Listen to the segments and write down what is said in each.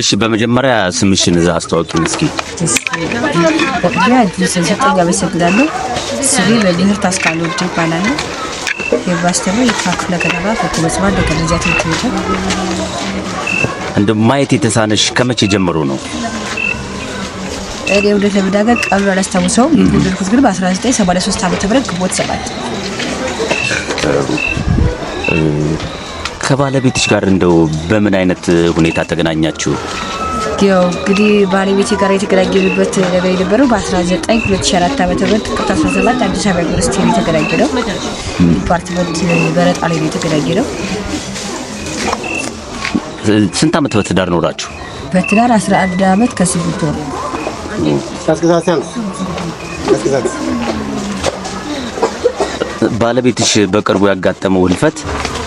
እሺ በመጀመሪያ ስምሽን እዛ አስተዋውቂኝ እስኪ። አዲስ አመሰግናለሁ። ስሜ ወልድ ይባላል። የባስተሩ ትምህርት ቤት እንደ ማየት የተሳነሽ ከመቼ ጀምሮ ነው? እኔ እውነት ለመናገር ቀኑን አላስታውሰውም። የወለድኩት ግን በ1973 ዓ.ም ግንቦት ሰባት ከባለቤትሽ ጋር እንደው በምን አይነት ሁኔታ ተገናኛችሁ? ያው እንግዲህ ባለቤቴ ጋር የተገናኘንበት ነገር የነበረው በ19 2004 ዓ.ም ጥቅምት 17 አዲስ አበባ ዩኒቨርሲቲ ነው የተገናኘ ነው። ዲፓርትመንት በረጣ ላይ ነው የተገናኘ ነው። ስንት ዓመት በትዳር ኖራችሁ? በትዳር 11 ዓመት ከስድስት ወር። ባለቤትሽ በቅርቡ ያጋጠመው ህልፈት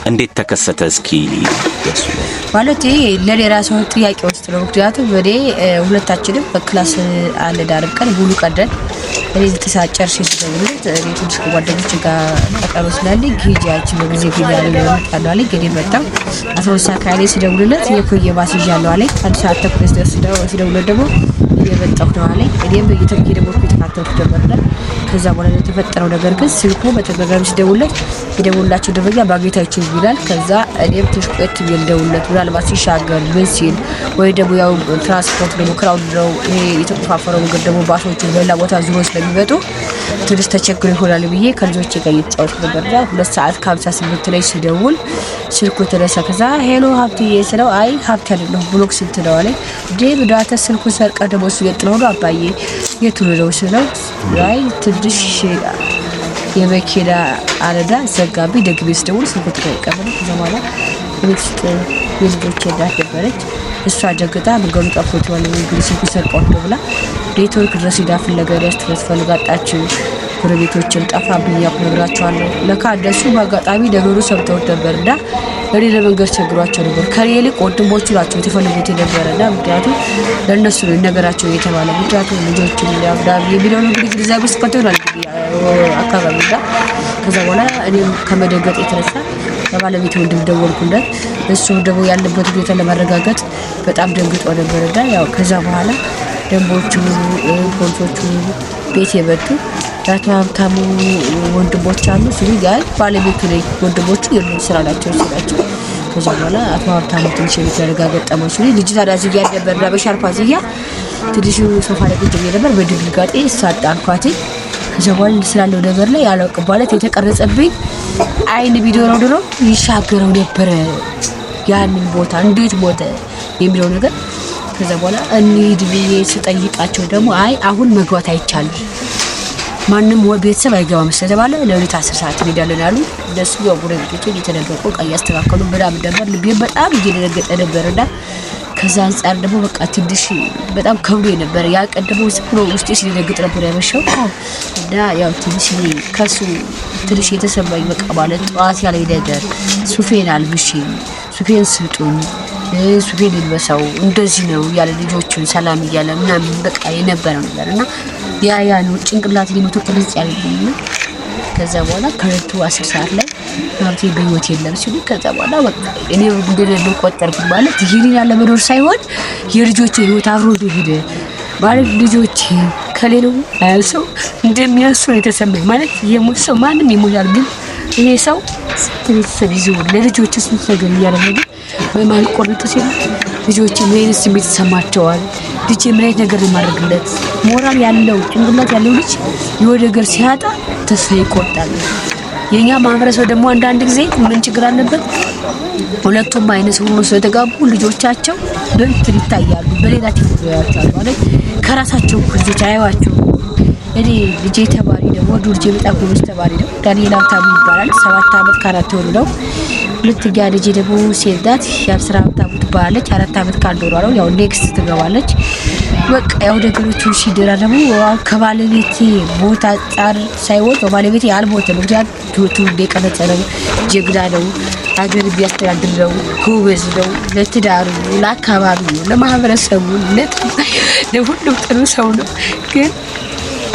እንዴት ተከሰተ? እስኪ ማለት ይሄ ለሌላ ሰው ጥያቄ ውስጥ ነው። ምክንያቱም እኔ ሁለታችንም በክላስ አለ ዳርቀን ሙሉ ቀደን እኔ ዘጠኝ ሰዓት ጨርሼ ስደውልለት እኔ ውስጥ ከጓደኞች ጋር ቀጠሮ ስላለኝ ሂጂ አንቺ በጊዜ ግዛለ ያለ አለኝ። እኔ መጣሁ አስራ ሁለት ሰዓት ከአይኔ ስደውልለት የኮየ ባስ ይዣለሁ አለኝ። አንድ ሰዓት ተኩል ስደውልለት ደግሞ እየመጣሁ ነው አለኝ። እኔም እየተርጌ ደግሞ የተካተልኩ ጀመርነ። ከዛ በኋላ የተፈጠረው ነገር ግን ስልኩ በተደጋጋሚ ሲደውልለት የደውላቸው ደረጃ ማግኘት ይላል። ከዛ እኔም ትንሽ ቆየት ምናልባት ሲሻገር ምን ሲል ወይ ደግሞ ያው ትራንስፖርት ደግሞ ክራውድ ነው ይሄ የተቆፋፈረው ነገር ደግሞ ባሶቹ በሌላ ቦታ ዙሮ ስለሚመጡ ትንሽ ተቸግሮ ይሆናል ብዬ ከልጆች ጋር እየተጫወትኩ ነበር። እና ሁለት ሰዓት ከሀምሳ ስምንት ላይ ሲደውል ስልኩ ተነሳ። ከዛ ሄሎ ሀብትዬ ስለው አይ ሀብት ያደለሁ ብሎክ ስንት ነው አለኝ። እንዴ ብዳተ ስልኩ ሰርቀ ደግሞ እሱ ገጥለው ነው አባዬ የቱሉ ነው ስለው አይ ትንሽ የመኪና አረዳ ዘጋቢ ደግቤ ስደውል ስልኩ ተቀቀበለ። ከዛ በኋላ ቤት ውስጥ የልጆች እናት ነበረች። እሷ ጀግጣ በገምጧ ፎቶዋን እንግሊዝ ሲሰር ቆንጆ ብላ ኔትወርክ ድረስ ሄዳ ፍለጋ አጣችው። ነግራቸዋለሁ። ለካ በአጋጣሚ ነገሩ ሰምተውት ነበር እና እኔ ለመንገድ ቸግሯቸው ነበር። ከኔ ይልቅ ወንድሞቹ ናቸው የተፈልጉት የነበረ እና ምክንያቱም ለእነሱ ነው ነገራቸው ምክንያቱም የሚለውን እንግዲህ ውስጥ አካባቢ እና ከዛ በኋላ እኔም ከመደገጥ የተነሳ ለባለቤት ወንድም ደወልኩለት። እሱ ደግሞ ያለበት ሁኔታ ለማረጋገጥ በጣም ደንግጦ ነበር ያው ከዛ በኋላ ደንቦቹ ፖሊሶቹ ቤት የመጡ የአቶ ሀብታሙ ወንድሞች አሉ ሲሉ ያል ባለቤቱ ላይ ወንድሞቹ የሉን ስራ ናቸው ሲላቸው ከዛ በኋላ አቶ ሀብታሙ ትንሽ የቤት ያረጋገጠመው ሲሉ ልጅ ታዲያ ዝያ ነበር እና በሻርፓ ዝያ ትንሹ ሶፋ ላይ ቁጭ ብዬ ነበር። በድንጋጤ ሳጣ አልኳትኝ ዘዋል ስላለው ነገር ላይ አላውቅም። ማለት የተቀረጸብኝ አይን ቪዲዮ ድሮ ይሻገረው ነበረ ያንን ቦታ እንዴት ሞተ የሚለው ነገር። ከዛ በኋላ እንሂድ ብዬ ስጠይቃቸው ደግሞ አይ አሁን መግባት አይቻልም፣ ማንም ቤተሰብ አይገባም ስለተባለ ለሁለት አስር ሰዓት እንሄዳለን አሉ። እነሱ ያው ቤቶችን እየተደረቁ ቀይ ያስተካከሉ ምናምን ነበር። ልቤ በጣም እየደነገጠ ነበር እና ከዛ አንጻር ደግሞ በቃ ትንሽ በጣም ከብዶ የነበረ ያ ቀደሞ ደግሞ ብሎ ውስጤ ሲደነግጥ ነበር ያመሸው እና ያው ትንሽ ከሱ ትንሽ የተሰማኝ በቃ ማለት ጠዋት ያለኝ ነገር ሱፌን አልብሽ፣ ሱፌን ስጡን ሱፌን ልበሰው እንደዚህ ነው እያለ ልጆቹን ሰላም እያለ ምናምን በቃ የነበረው ነገር እና ያ ያ ነው ጭንቅላት ሊመቶ ተለጽ ያለብኝና ከዛ በኋላ ከረቱ አስር ሰዓት ላይ መብት በህይወት የለም ሲሉ ከዛ በኋላ በቃ እኔ እንደሌለው ቆጠርኩት። ማለት ይሄንን ያለ መኖር ሳይሆን የልጆች ህይወት አብሮ ሄደ ማለት ልጆች ከሌለው አያንሰው እንደሚያንሱ የተሰማኝ ማለት የሞት ሰው ማንም ይሞታል፣ ግን ይሄ ሰው ስንት ቤተሰብ ይዞ ለልጆች ስንት ነገር እያደረገ በማልቆርጥ ሲሉ ልጆች ምን አይነት ስሜት ይሰማቸዋል? ልጅ ምን አይነት ነገር ማድረግለት ሞራል ያለው ጭንቅላት ያለው ልጅ የሆነ ነገር ሲያጣ ተስፋ ይቆርጣል። የኛ ማህበረሰብ ደግሞ አንዳንድ ጊዜ ምን ችግር አለበት? ሁለቱም አይነት ሰው ስለተጋቡ ልጆቻቸው በእንትን ይታያሉ፣ በሌላ ቲቪ ያያሉ ማለት ከራሳቸው ልጆች አያዋቸው። እኔ ልጄ ተማሪ ደግሞ ወንዱ ልጄ በጣም ጎበዝ ተማሪ ነው፣ ዳንኤል ሀብታሙ ይባላል። ሰባት አመት ከአራት ወሩ ነው። ሁለተኛ ልጄ ደግሞ ሴት ናት፣ የአስር ሀብታሙ ትባላለች። አራት አመት ካልዶሯ ነው። ያው ኔክስት ትገባለች በቃ ያው ነገሮችን ሲደራ ደግሞ ከባለቤቴ ቦታ ጣር ሳይወጥ ባለቤቴ አልሞተም። ምክንያቱም ህይወቱ እንደቀነጠ ነው። ጀግና ነው። ሀገር ቢያስተዳድር ነው። ጎበዝ ነው። ለትዳሩ፣ ለአካባቢው፣ ለማህበረሰቡ፣ ለሁሉም ጥሩ ሰው ነው። ግን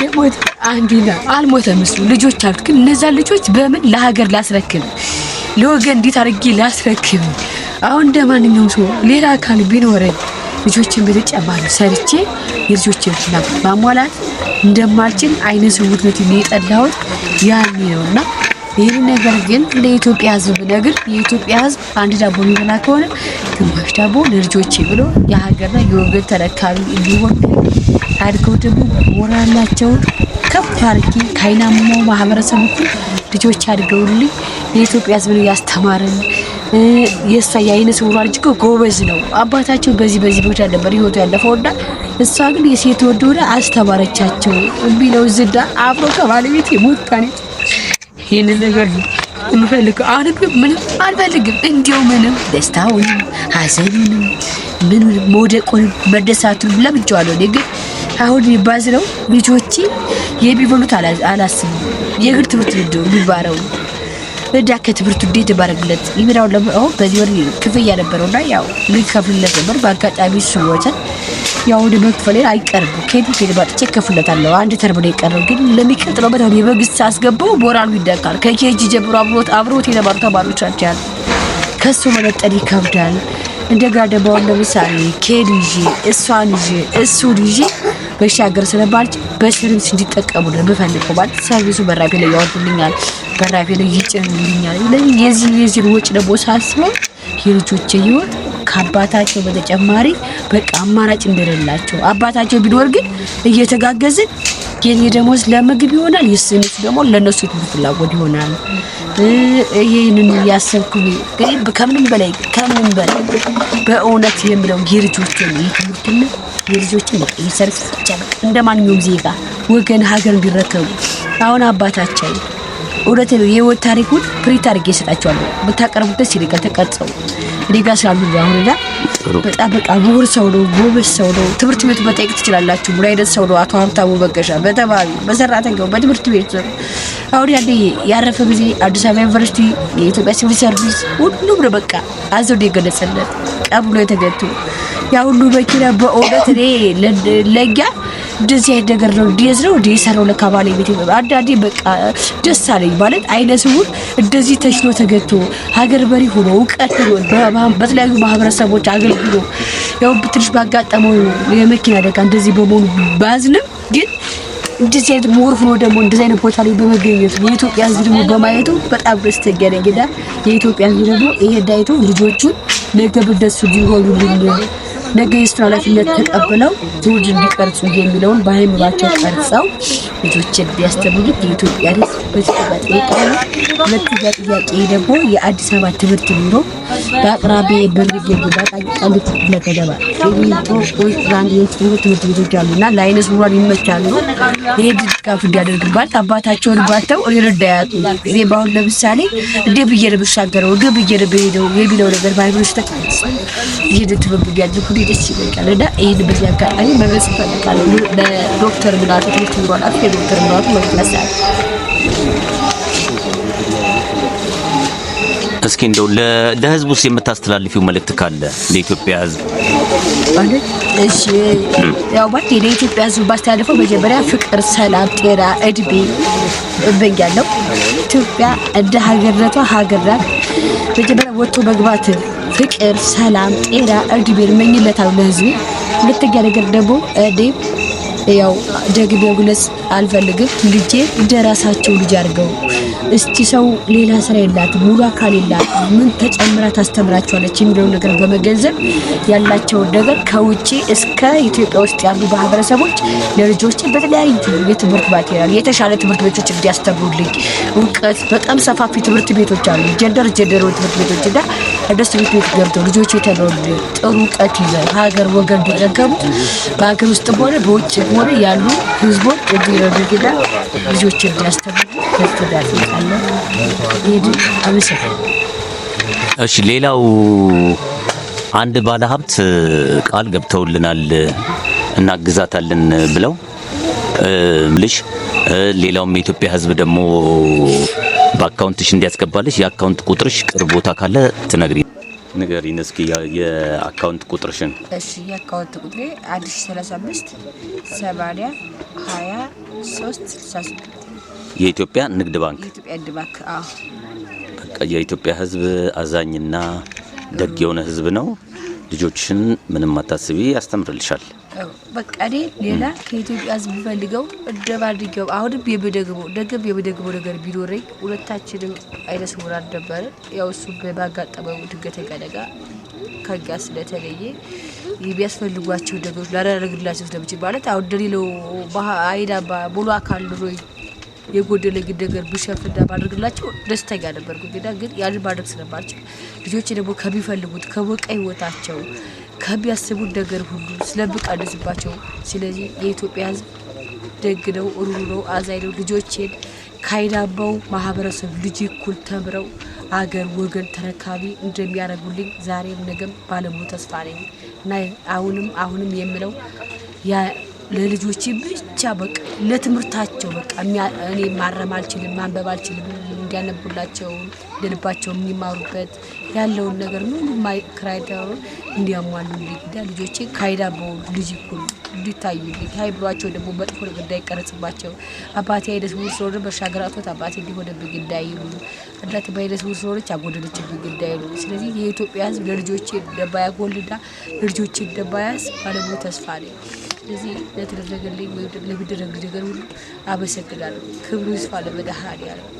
የሞት አንዲና አልሞተም። እሱ ልጆች አሉት። ግን እነዛ ልጆች በምን ለሀገር ላስረክብ፣ ለወገን እንዴት አድርጌ ላስረክብ? አሁን እንደ ሰው ሌላ አካል ቢኖረን ልጆችን በኢትዮጵያ ባህል ሰርቼ የልጆችን ፍላጎት ማሟላት እንደማልችል አይነ ስውርነት የጠላሁት ያኔ እና ይህን ነገር ግን ለኢትዮጵያ ሕዝብ ብነግር የኢትዮጵያ ሕዝብ አንድ ዳቦ የሚበላ ከሆነ ግማሽ ዳቦ ለልጆቼ ብሎ የሀገርና የወገን ተረካቢ እንዲሆን አድገው ደግሞ ሞራላቸውን ከፍ አድርጌ ከአይናማው ማህበረሰብ እኩል ልጆች አድገውልኝ የኢትዮጵያ ሕዝብን እያስተማርን የእሷ የአይነ ስውሯ ልጅ ጎበዝ ነው። አባታቸው በዚህ በዚህ ቦታ ነበር ህይወቱ ያለፈው እና እሷ ግን የሴት ወድ ሆነ አስተማረቻቸው የሚለው ዝዳ አብሮ ከባለቤት የሞታኔ ይህን ነገር ነው የምፈልገው። አሁን ግን ምንም አልፈልግም። እንዲያው ምንም ደስታውንም ሐዘኑንም ምኑንም መውደቁንም መደሳቱንም ለምጄዋለሁ። እኔ ግን አሁን የሚባዝ ነው ልጆቼ የሚበሉት አላስብም። የእግር ትምህርት ልድ የሚባለው እዳ ከትምህርቱ እንዴት ባረግለት ይብራው ለምአሁን በዚህ ወር ክፍያ ነበረውና ያው ልከፍልለት ነበር። በአጋጣሚ ስወተን ያው ወደ መክፈል አይቀርም ከሄዱ ከሄድ ባጥቼ ከፍለታለሁ። አንድ ተርም ነው የቀረው፣ ግን ለሚቀጥለው በት አሁን የመንግስት ሳስገባው ሞራሉ ይደካል። ከኬጂ ጀምሮ አብሮት አብሮት የተማሩ ተማሪዎቻቸው ያሉ ከሱ መነጠል ይከብዳል። እንደገና ደግሞ ለምሳሌ ኬዱ ይዤ እሷን ይዤ እሱን ይዤ መሻገር ስለማልችል በሰርቪስ እንዲጠቀሙ ነው የምፈልገው። ማለት ሰርቪሱ በራቤ ላይ ያወርድልኛል በራቤ ላይ ይጭንልኛል። ስለዚህ የዚህ የዚህ ወጪ ደግሞ ሳስበው የልጆቼ ህይወት ከአባታቸው በተጨማሪ በቃ አማራጭ እንደሌላቸው አባታቸው ቢኖር ግን እየተጋገዝን የኔ ደሞዝ ለምግብ ይሆናል፣ የስንት ደግሞ ለነሱ ፍላጎት ይሆናል። ይሄንን እያሰብኩ ከምንም በላይ ከምንም በላይ በእውነት የምለው የልጆችን የትምህርትና የልጆችን የሰርፍ ይቻላል እንደ ማንኛውም ዜጋ ወገን ሀገር ቢረከቡ አሁን አባታቸው እውነት የህይወት ታሪኩን ፕሪንት አድርጌ እሰጣቸዋለሁ። ብታቀርቡት ደስ ይለኛል። ተቀርጸው እኔ ጋር ስላሉ አሁን ዳ በጣም በቃ ምሁር ሰው ነው፣ ጎበዝ ሰው ነው። ትምህርት ቤቱ መጠየቅ ትችላላችሁ። ምን አይነት ሰው ነው አቶ ሀብታሙ መንገሻ? በተማሪ በሰራተኛው በትምህርት ነው። አሁን ያኔ ያረፈ ጊዜ አዲስ አበባ ዩኒቨርሲቲ የኢትዮጵያ ሲቪል ሰርቪስ ሁሉም ነው በቃ አዘውዶ የገለጸለት ቀብሎ የተገቱ ያ ሁሉ መኪና በእውነት እኔ ለእኛ እንደዚህ አይነት ነገር ነው ዲዝ ነው ዲ ሰራው ለካ ባለቤቴ ነው። አንዳንዴ በቃ ደስ አለኝ ማለት አይነ ስውር እንደዚህ ተችሎ ተገቶ ሀገር በሪ ሆኖ እውቀት ሆኖ በተለያዩ ማህበረሰቦች አገልግሎ ያው ትንሽ ባጋጠመው የመኪና አደጋ እንደዚህ በመሆኑ ባዝንም ግን እንደዚህ አይነት ምሁር ሆኖ ደግሞ እንደዚህ አይነት ቦታ ላይ በመገኘቱ የኢትዮጵያ ሕዝብ ደግሞ በማየቱ በጣም ደስተኛ ነኝ። እንግዳ የኢትዮጵያ ሕዝብ ደግሞ ይሄ ዳይቶ ልጆቹን ነገ ብደሱ ሊሆኑልን ነገ የእሱ ኃላፊነት ተቀብለው ትውልድ እንዲቀርጹ የሚለውን በሃይምራቸው ቀርጸው ልጆች ቢያስተምሩት የኢትዮጵያ ሕዝብ በዚህ በጥያቄ ሁለተኛ ጥያቄ ደግሞ የአዲስ አበባ ትምህርት ቢሮ በአቅራቢ በሚገኙ ባቃቂቃሉት ለገደባ የሚቶ ትምህርት ቤቶች አሉና ለአይነ ስውራን ይመቻሉ። ይሄ ድጋፍ እንዲያደርግባት አባታቸውን ባተው ሊረዳ ያጡ እኔ በአሁን ለምሳሌ እንደ ብየር ብሻገረው እንደ ብየር ብሄደው የሚለው ነገር በሃይምሮ ተቀርጸ ይህን ትብብ ያድርጉ ደስ ይለኛል እና ይህን በዚህ አጋጣሚ መግለጽ እፈልጋለሁ። ለዶክተር ጉዳቱ ትምህርት ቢሮ ኃላፊ የዶክተር ጉዳቱ መግለጽ እስኪ እንደው ለህዝቡስ የምታስተላልፊው መልእክት ካለ ለኢትዮጵያ ህዝብ እሺ ያው ባክ የኢትዮጵያ ሕዝብ ባስተላለፈው መጀመሪያ ፍቅር፣ ሰላም፣ ጤና፣ እድሜ እመኛለሁ። ኢትዮጵያ እንደ ሀገርነቷ ሀገር መጀመሪያ ወጥቶ መግባትን፣ ፍቅር፣ ሰላም፣ ጤና፣ እድሜ እመኝለታለሁ ለሕዝቤ። ሁለተኛ ነገር ደግሞ እኔ ያው ደግሜ መግለጽ አልፈልግም። ልጄ እንደራሳቸው ልጅ አድርገው እስቲ ሰው ሌላ ስራ የላት ሙሉ አካል የላት ምን ተጨምራ ታስተምራቸዋለች የሚለውን ነገር በመገንዘብ ያላቸውን ነገር ከውጭ እስከ ኢትዮጵያ ውስጥ ያሉ ማህበረሰቦች ለልጆች በተለያዩ የትምህርት ማቴሪያል የተሻለ ትምህርት ቤቶች እንዲያስተምሩልኝ እውቀት በጣም ሰፋፊ ትምህርት ቤቶች አሉ። ጀንደር ጀንደር ትምህርት ቤቶች እና ደስ ትምህርት ቤት ገብተው ልጆች የተለሉ ጥሩ እውቀት ይዘ ሀገር ወገን እንዲረከቡ በሀገር ውስጥም ሆነ በውጭ ሆነ ያሉ ህዝቦች በብግዳ ልጆች እንዲያስተምሩ አመሰግ እሺ። ሌላው አንድ ባለሀብት ቃል ገብተውልናል እናግዛታለን ብለው ልሽ ሌላውም የኢትዮጵያ ሕዝብ ደግሞ በአካውንትሽ እንዲያስገባልሽ የአካውንት ቁጥርሽ ቅርብ ቦታ ካለ ትነግሪ ንገሪን እስኪ የአካውንት ቁጥርሽን። እሺ የአካውንት ቁጥሬ አዲስ 35 80 20 3 66 የኢትዮጵያ ንግድ ባንክ። የኢትዮጵያ ንግድ ባንክ። አዎ በቃ የኢትዮጵያ ሕዝብ አዛኝና ደግ የሆነ ሕዝብ ነው። ልጆችን ምንም ማታስቢ ያስተምርልሻል። በቃ እኔ ሌላ ከኢትዮጵያ ሕዝብ ፈልገው እደባ አድርገው አሁንም የምደግመው ደግም የምደግመው ነገር ቢኖረኝ ሁለታችንም አይነ ስውራን ነበረ። ያው እሱ በማጋጠመው ድንገተኛ አደጋ ከጋ ስለተለየ የሚያስፈልጓቸው ነገሮች ላደረግላቸው ስለምችል ማለት አሁን እንደሌለው አይናማ ሙሉ አካል ኑሮኝ የጎደለ የጎደለኝ ነገር ብሸፍና ባደርግላቸው ደስተኛ ነበርኩ። ግዳ ግን ያንን ማድረግ ስለማልችል ልጆች ደግሞ ከሚፈልጉት ከወቀ ህይወታቸው ከሚያስቡት ነገር ሁሉ ስለምቀንስባቸው፣ ስለዚህ የኢትዮጵያ ህዝብ ደግ ነው፣ ሩሩ ነው፣ አዛኝ ነው። ልጆችን ከአይናማው ማህበረሰብ ልጅ እኩል ተምረው አገር ወገን ተረካቢ እንደሚያደርጉልኝ ዛሬም ነገም ባለሙሉ ተስፋ ነኝ እና አሁንም አሁንም የምለው ለልጆቼ ብቻ በቃ ለትምህርታቸው በቃ እኔ ማረም አልችልም፣ ማንበብ አልችልም፣ እንዲያነቡላቸው ልልባቸው የሚማሩበት ያለውን ነገር ሙሉ ክራይዳ እንዲያሟሉ ልዳ ልጆቼ ካይዳ በሆኑ ልጅ እኩል እንዲታዩ ሀይብሯቸው ደግሞ መጥፎ ነገር እንዳይቀረጽባቸው አባቴ አይነት ስውር ስለሆነ በሻገራቶት አባቴ እንዲሆነብህ ግዳይ ይሉ እናት በአይነት ውር ስለሆነች አጎደለችብህ ግዳይ ይሉ። ስለዚህ የኢትዮጵያ ሕዝብ ለልጆቼ ደባያ ጎልዳ ለልጆቼ ደባያስ ባለሙሉ ተስፋ ነኝ። ስለዚህ ለተደረገልኝ ወይም ለሚደረግ ነገር ሁሉ አመሰግናለሁ። ክብሩ ይስፋ ለመድኃኔዓለም።